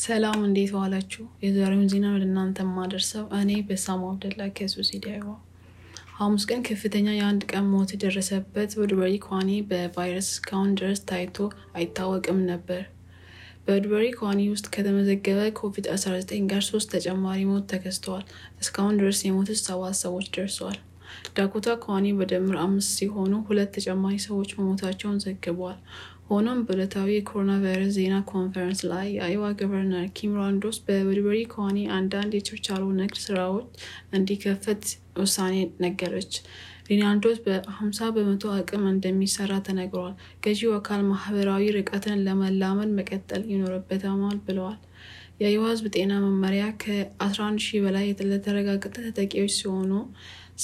ሰላም እንዴት ዋላችሁ? የዛሬውን ዜና ወደ እናንተ የማደርሰው እኔ በሳሙ አብደላ ከሱሲዲያዋ ሐሙስ ቀን ከፍተኛ የአንድ ቀን ሞት የደረሰበት በዱበሪ ኳኒ በቫይረስ እስካሁን ድረስ ታይቶ አይታወቅም ነበር። በዱበሪ ኳኒ ውስጥ ከተመዘገበ ኮቪድ-19 ጋር ሶስት ተጨማሪ ሞት ተከስተዋል። እስካሁን ድረስ የሞቱት ሰባት ሰዎች ደርሰዋል። ዳኮታ ኳኒ በደምር አምስት ሲሆኑ ሁለት ተጨማሪ ሰዎች መሞታቸውን ዘግበዋል። ሆኖም በዕለታዊ የኮሮና ቫይረስ ዜና ኮንፈረንስ ላይ የአይዋ ገቨርነር ኪም ራንዶስ በወድበሪ ከዋኒ አንዳንድ የተቻሉ ንግድ ስራዎች እንዲከፈት ውሳኔ ነገረች። ሪናንዶስ በ50 በመቶ አቅም እንደሚሰራ ተነግሯል። ገዢው አካል ማህበራዊ ርቀትን ለመላመድ መቀጠል ይኖርበታል ብለዋል። የአይዋ ህዝብ ጤና መመሪያ ከ11 ሺህ በላይ ለተረጋገጠ ተጠቂዎች ሲሆኑ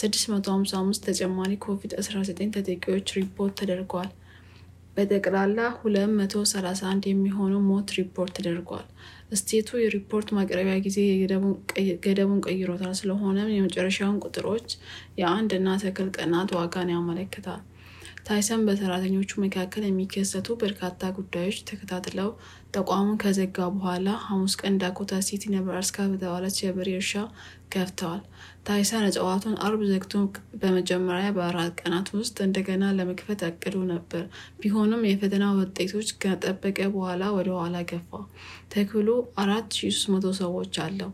655 ተጨማሪ ኮቪድ-19 ተጠቂዎች ሪፖርት ተደርጓል። በጠቅላላ 231 የሚሆኑ ሞት ሪፖርት ተደርጓል። ስቴቱ የሪፖርት ማቅረቢያ ጊዜ ገደቡን ቀይሮታል። ስለሆነም የመጨረሻውን ቁጥሮች የአንድ እና ተክል ቀናት ዋጋን ያመለክታል። ታይሰን በሰራተኞቹ መካከል የሚከሰቱ በርካታ ጉዳዮች ተከታትለው ተቋሙን ከዘጋ በኋላ ሐሙስ ቀን ዳኮታ ሲቲ ነብራስካ በተባለች የበሬ እርሻ ከፍተዋል። ታይሰን እጽዋቱን አርብ ዘግቶ በመጀመሪያ በአራት ቀናት ውስጥ እንደገና ለመክፈት አቅዶ ነበር። ቢሆንም የፈተና ውጤቶች ከጠበቀ በኋላ ወደ ኋላ ገፋ። ተክሉ መቶ ሰዎች አለው።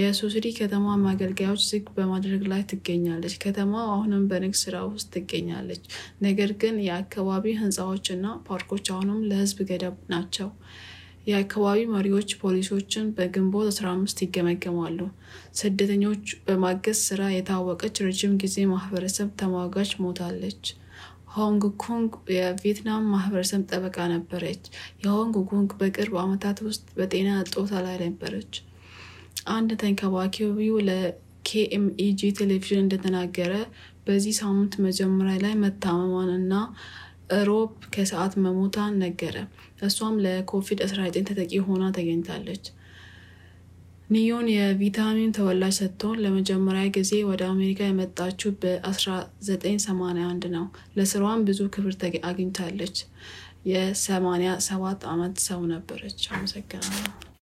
የሱስሪ ከተማ ማገልገያዎች ዝግ በማድረግ ላይ ትገኛለች። ከተማ አሁንም በንግድ ስራ ውስጥ ትገኛለች። ነገር ግን የአካባቢ ህንፃዎችና ፓርኮች አሁንም ለህዝብ ገደብ ናቸው። የአካባቢ መሪዎች ፖሊሶችን በግንቦት 15 ይገመገማሉ። ስደተኞች በማገዝ ስራ የታወቀች ረጅም ጊዜ ማህበረሰብ ተሟጋች ሞታለች። ሆንግ ኮንግ የቪየትናም ማህበረሰብ ጠበቃ ነበረች። የሆንግ ኮንግ በቅርብ ዓመታት ውስጥ በጤና እጦታ ላይ ነበረች። አንድ ተንከባኪቢው ለኬኤምኢጂ ቴሌቪዥን እንደተናገረ በዚህ ሳምንት መጀመሪያ ላይ መታመሟንና ሮብ ከሰዓት መሞታ ነገረ። እሷም ለኮቪድ-19 ተጠቂ ሆና ተገኝታለች። ኒዮን የቪታሚን ተወላጅ ስትሆን ለመጀመሪያ ጊዜ ወደ አሜሪካ የመጣችው በ1981 ነው። ለስራዋም ብዙ ክብር አግኝታለች። የ87 ዓመት ሰው ነበረች። አመሰግናለሁ።